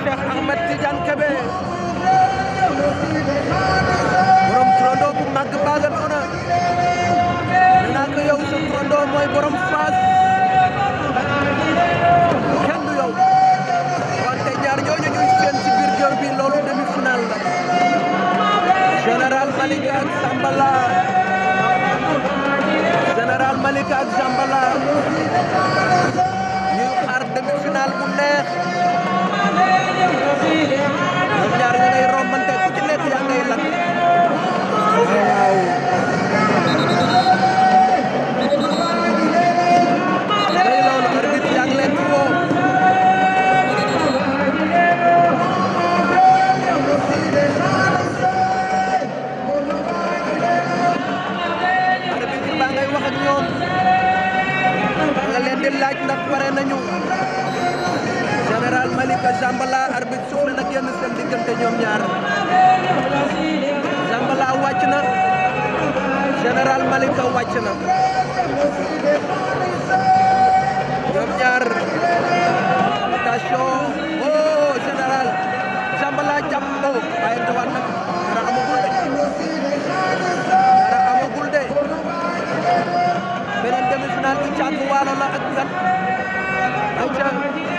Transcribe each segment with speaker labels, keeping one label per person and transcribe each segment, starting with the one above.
Speaker 1: Cheikh Ahmed Tidiane Kébé borom turandoo bu màgg baaga noona nee yow sa turandoo mooy borom faas kenn du yow wante ñaar ñooñu ñuy seen ci joor bi loolu demi-finale la général Malika ak Sambala Malika ak doon wax ak ñoom nga leen di laaj ndax pare nañu général Malika Zambala arbitre suufle na génn seen diggante ñoom ñaar Zambala wàcc na général Malika wàcc na ñoom ñaar attention oh général Zambala jàpp ko laalo la ak gan ay ca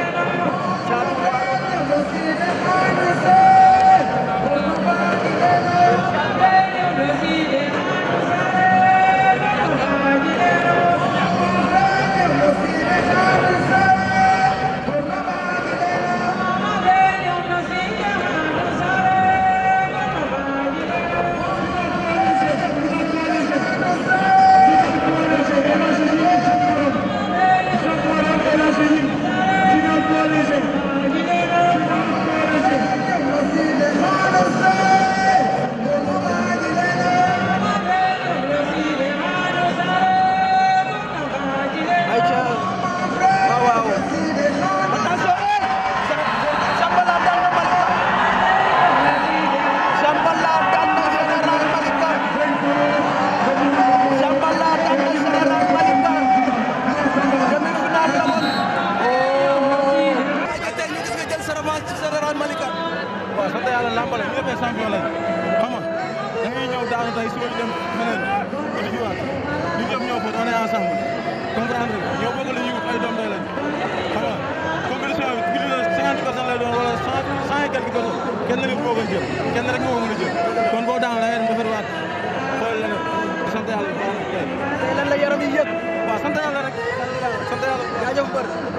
Speaker 2: quoi sant yàlla làmbale ñu defee champion lañ xam nga ñu dem feneen ñu jiwaat ñu ñëpp ñëw foofu on est ensemble comprendre nga ñoo bëgg la ñu ay doom day lañ xam nga compétition bi ñu doon wala cent cent la sant yàlla lan la